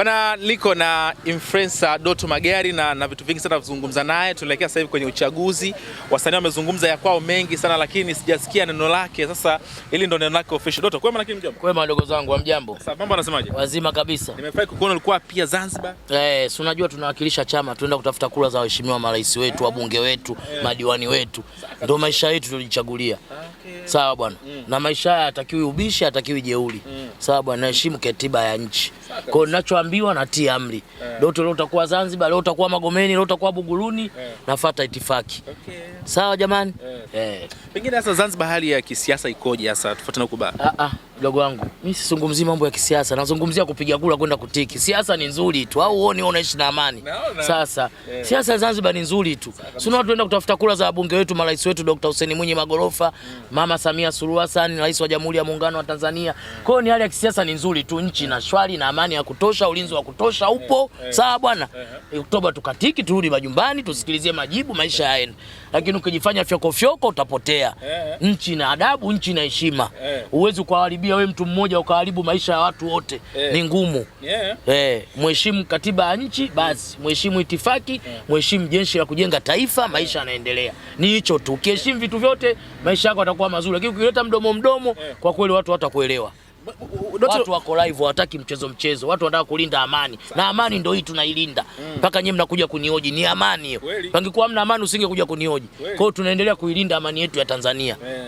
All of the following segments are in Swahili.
Bana, liko na influencer Doto Magari na, na vitu vingi sana kuzungumza naye. Tunaelekea sasa hivi kwenye uchaguzi, wasanii wamezungumza ya kwao mengi sana, lakini sijasikia neno lake. Sasa hili ndo neno lake official. Doto, kwema lakini mjambo? Kwema ndugu zangu, amjambo. Sasa mambo anasemaje? Wazima kabisa. Nimefurahi kukuona ulikuwa pia Zanzibar. Eh, si unajua tunawakilisha chama, tunaenda kutafuta kura za waheshimiwa marais wetu, wabunge wetu, yeah, madiwani wetu, ndio maisha yetu tulijichagulia. Ah, okay sawa bwana mm. na maisha haya hatakiwi ubishi, hatakiwi jeuri mm. sawa bwana, naheshimu katiba ya nchi. Kwa hiyo ninachoambiwa natii amri yeah. Doto leo utakuwa Zanzibar, leo utakuwa Magomeni, leo utakuwa Buguruni yeah. nafuata itifaki okay. Sawa jamani yeah. Yeah. Pengine sasa Zanzibar hali ya kisiasa ikoje sasa, tufuatane huko baa ah ah mdogo wangu mimi sizungumzii mambo ya kisiasa, nazungumzia kupiga kura kwenda kutiki. Siasa ni nzuri tu, au uone unaishi na amani no, sasa yeah. siasa ya Zanzibar ni nzuri tu, sio watu waenda kutafuta kura za wabunge wetu, marais wetu, Dr. Hussein Mwinyi magorofa mm. mama Samia Suluhu Hassan, rais wa Jamhuri ya Muungano wa Tanzania. Kwa hiyo ni hali ya kisiasa ni nzuri tu, nchi na shwari na amani ya kutosha, ulinzi wa kutosha upo eh, eh. sawa bwana. Eh, Oktoba tukatiki, turudi majumbani, tusikilizie majibu, maisha yaende. Lakini ukijifanya fyoko fyoko utapotea. Nchi na adabu, nchi na heshima. Uwezi kuharibia wewe mtu mmoja ukaharibu maisha ya watu wote, ni ngumu. Eh, mheshimu katiba ya nchi basi, mheshimu itifaki, mheshimu jeshi la kujenga taifa, maisha yanaendelea. Ni hicho tu, ukiheshimu vitu vyote maisha yako yatakuwa mazuri vizuri, lakini ukileta mdomo mdomo eh, kwa kweli watu hawatakuelewa. Watu wako live, hawataki mchezo mchezo, watu wanataka kulinda amani Sa. na amani ndio hii tunailinda mm. mpaka mm. Nyie mnakuja kunioji, ni amani hiyo. Pangekuwa mna amani usingekuja kunioji. Kwa hiyo tunaendelea kuilinda amani yetu ya Tanzania yeah.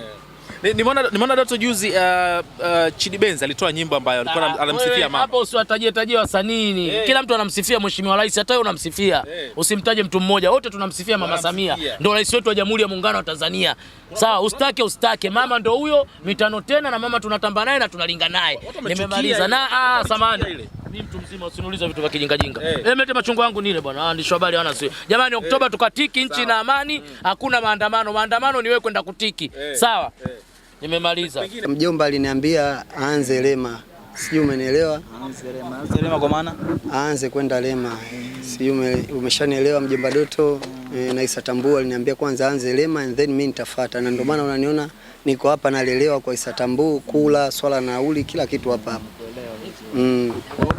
Nimeona dato juzi uh, uh, Chidi Benz alitoa nyimbo ambayo alikuwa ah, anamsifia mama. Hapo usiwatajie tajie wasanii ni. Hey. Eh. Kila mtu anamsifia Mheshimiwa Rais, hata wewe unamsifia. Hey. Eh. Usimtaje mtu mmoja, wote tunamsifia Mama Samia. Ndio rais wetu wa Jamhuri ya Muungano wa Tanzania. Sawa, ustake ustake, mama ndio huyo, mitano tena na mama tunatamba naye na tunalinga naye. Nimemaliza na ah, samani mimi mtu mzima usiniulize vitu vya kijinga jinga. Hey. Eh. Mete machungwa yangu nile bwana, waandishi ah, habari wana sio. Jamani, Oktoba hey, tukatiki nchi na amani, mm. hakuna maandamano. Maandamano ni wewe kwenda kutiki. Hey. Sawa. Hey. Nimemaliza. Mjomba aliniambia aanze Lema, sijui umenielewa? Aanze Lema kwa maana aanze kwenda Lema, sijui umeshanielewa mjomba Doto? E, na Isatambua aliniambia kwanza aanze Lema and then mimi nitafuata, na ndio maana unaniona niko hapa nalelewa kwa Isatambua, kula swala nauli, kila kitu hapa hapa. Mm,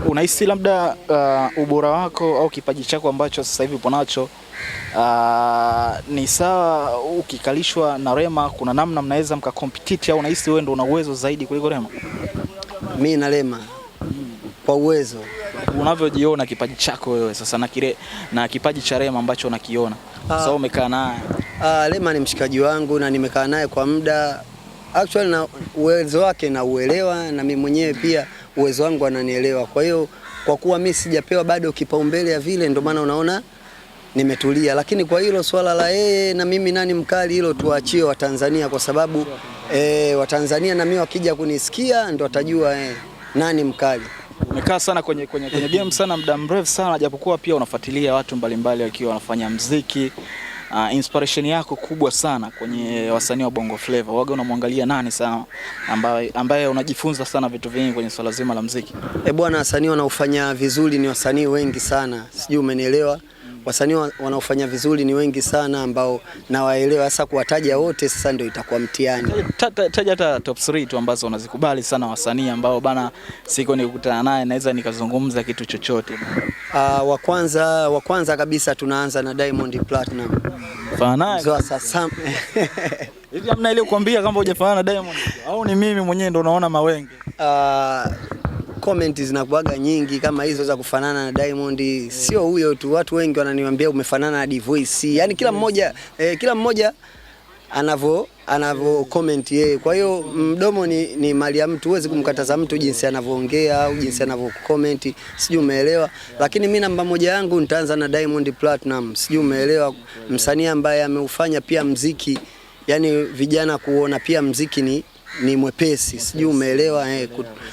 unahisi labda uh, ubora wako au kipaji chako ambacho sasa hivi upo nacho uh, ni sawa ukikalishwa na Rema, kuna namna mnaweza mkakompetiti au unahisi wewe ndo una uwezo zaidi kuliko Rema? Mimi na Rema kwa uwezo unavyojiona kipaji chako wewe sasa na kile na kipaji cha Rema ambacho unakiona sasa ah. umekaa naye. Ah, Rema ni mshikaji wangu na nimekaa naye kwa muda actually, na uwezo wake na uelewa na mimi mwenyewe pia uwezo wangu ananielewa. Kwa hiyo kwa kuwa mimi sijapewa bado kipaumbele ya vile, ndio maana unaona nimetulia, lakini kwa hilo swala la yeye eh, na mimi nani mkali, hilo tuwaachie Watanzania kwa sababu e, Watanzania na mimi wakija kunisikia ndo watajua e, nani mkali. Umekaa sana kwenye, kwenye, kwenye game sana muda mrefu sana, japokuwa pia unafuatilia watu mbalimbali wakiwa wanafanya mziki uh, inspiration yako kubwa sana kwenye wasanii wa Bongo Flava, waga unamwangalia nani sana ambaye, ambaye unajifunza sana vitu vingi kwenye swala zima la muziki? Eh bwana, wasanii wanaofanya vizuri ni wasanii wengi sana, sijui umenielewa wasanii wanaofanya vizuri ni wengi sana ambao nawaelewa. Sasa kuwataja wote sasa ndio itakuwa mtihani. Taja hata top 3 tu ambazo unazikubali sana wasanii ambao bana, siko nikutana naye naweza nikazungumza kitu chochote. Uh, wa kwanza wa kwanza kabisa tunaanza na Diamond Platinum. Hivi hamna ile kuambia kama hujafanana na Diamond au ni mimi mwenyewe ndo naona mawenge? Uh, comment zinakuaga nyingi kama hizo za kufanana na Diamond yeah. Sio huyo tu, watu wengi wananiambia umefanana na D-Voice. Yaani kila mmoja eh, kila mmoja anavyo anavyo comment yeye. Kwa hiyo mdomo ni, ni mali ya mtu, huwezi kumkataza mtu jinsi anavyoongea au jinsi anavyo comment, sijui umeelewa. Lakini mimi namba moja yangu nitaanza na Diamond Platinum, sijui umeelewa, msanii ambaye ameufanya pia mziki, yani vijana kuona pia mziki ni ni mwepesi, sijui umeelewa eh,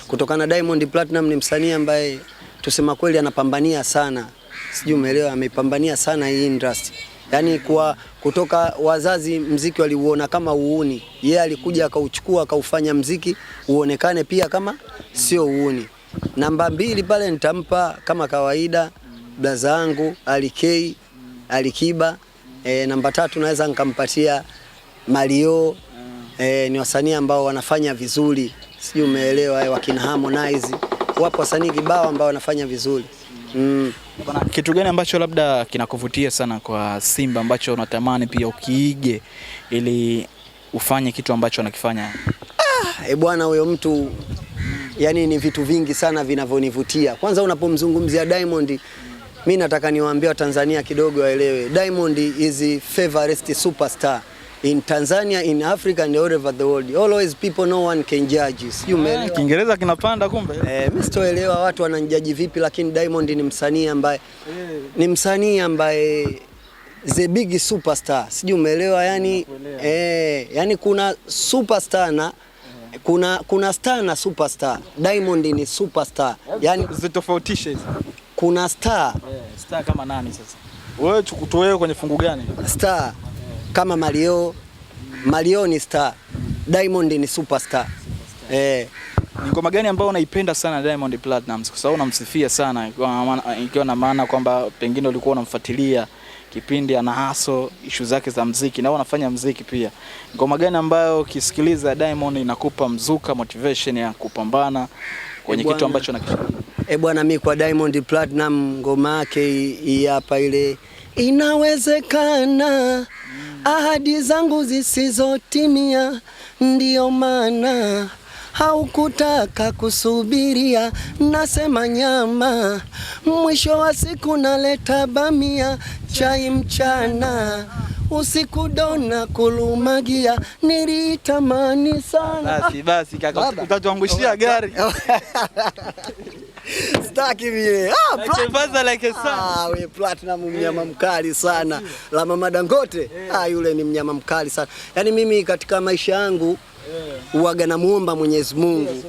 kutokana Diamond Platinum ni msanii ambaye tusema kweli anapambania sana, sijui umeelewa, amepambania sana hii industry yani kwa kutoka wazazi mziki waliuona kama uuni, yeye alikuja akauchukua akaufanya mziki uonekane pia kama sio uuni. Namba mbili pale nitampa kama kawaida blaza yangu Alikei Alikiba. E, namba tatu naweza nikampatia Mario. E, ni wasanii ambao wanafanya vizuri, sijui umeelewa, wakina Harmonize, wapo wasanii kibao ambao wanafanya vizuri. Mm. Kitu gani ambacho labda kinakuvutia sana kwa Simba ambacho unatamani pia ukiige ili ufanye kitu ambacho anakifanya? Ah, e bwana, huyo mtu yani, ni vitu vingi sana vinavyonivutia. Kwanza unapomzungumzia Diamond, mi nataka niwaambie Watanzania kidogo waelewe Diamond is a favorite superstar in Tanzania, in Africa and all over the world. Always people no one can judge you. Sio umeelewa? Ah, Kiingereza kinapanda kumbe. Eh, mimi sitoelewa watu wananijaji vipi, lakini Diamond ni msanii ambaye ni msanii ambaye the big superstar. Sijui umeelewa yani, eh, yani kuna superstar na kuna kuna star na superstar. Diamond ni superstar. Yani zitofautishe hizo. Kuna star. Eh, star kama nani sasa? Wewe tukutoe kwenye fungu gani? Star kama Mario. Mario ni star, Diamond ni superstar. Eh, ni ngoma gani ambayo unaipenda sana Diamond Platnumz? Kwa sababu unamsifia sana, ikiwa na maana kwamba pengine ulikuwa unamfuatilia kipindi ana haso ishu zake za mziki na anafanya mziki pia. Ngoma gani ambayo ukisikiliza Diamond inakupa mzuka, motivation ya kupambana kwenye eh, kitu ambacho nakishika? Eh bwana, mimi kwa Diamond Platnumz ngoma yake hii hapa, ile inawezekana ahadi zangu zisizotimia, ndiyo maana haukutaka kusubiria. Nasema nyama, mwisho wa siku naleta bamia, chai mchana usiku dona kulumagia, nilitamani sana. Basi basi kaka, utatuangushia gari Sitaki mie. Ah, like like ah, we Platinum mnyama mkali sana la mama Dangote. Ah, yule ni mnyama mkali sana. Yaani mimi katika maisha yangu uwaga namuomba Mwenyezi Mungu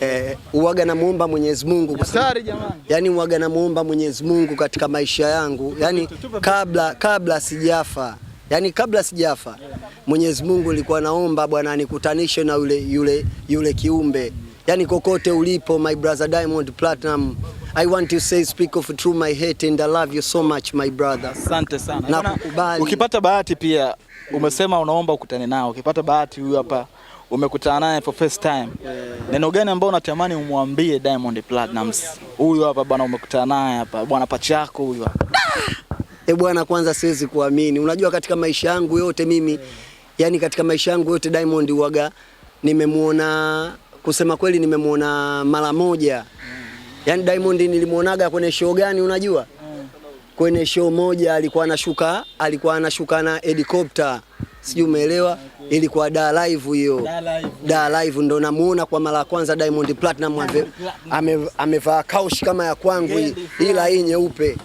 eh, uwaga namuomba Mwenyezi Mungu jamani. yaani, uwaga namuomba Mwenyezi Mungu katika maisha yangu, yaani kabla kabla sijafa, yaani kabla sijafa Mwenyezi Mungu nilikuwa naomba Bwana anikutanishe na yule yule yule kiumbe yani kokote ulipo, my brother Diamond Platinum, I want to say speak of true my hate and I love you so much my brother. Asante sana. Na kukubali. Ukipata bahati pia umesema unaomba ukutane nao, ukipata bahati huyu hapa umekutana naye for first time, neno gani ambao unatamani umwambie Diamond Platnumz? Huyu hapa bwana, umekutana naye hapa bwana, pacha yako huyu hapa. Ah! Eh bwana, kwanza siwezi kuamini. Unajua katika maisha yangu yote mimi, yani katika maisha yangu yote Diamond waga nimemuona kusema kweli nimemwona mara moja. Yaani Diamond nilimwonaga kwenye show gani unajua? Kwenye show moja alikuwa anashuka, alikuwa anashuka na helikopta. Sijui umeelewa? Ilikuwa Da Live hiyo. Da Live ndo namuona kwa mara ya kwanza Diamond Platinum amevaa kaushi kama ya kwangu ila hii nyeupe.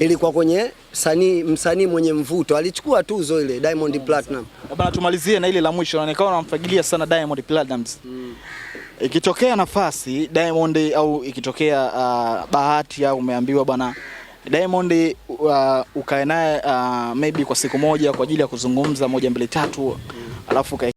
Ilikuwa kwenye msanii msanii mwenye mvuto alichukua tuzo ile Diamond Platinum. Baba tumalizie na ile la mwisho, naonekana unamfagilia sana Diamond Platinums mm. Ikitokea nafasi Diamond au ikitokea uh, bahati au umeambiwa bana Diamond uh, ukae naye uh, maybe kwa siku moja kwa ajili ya kuzungumza moja mbili tatu mm. alafu ka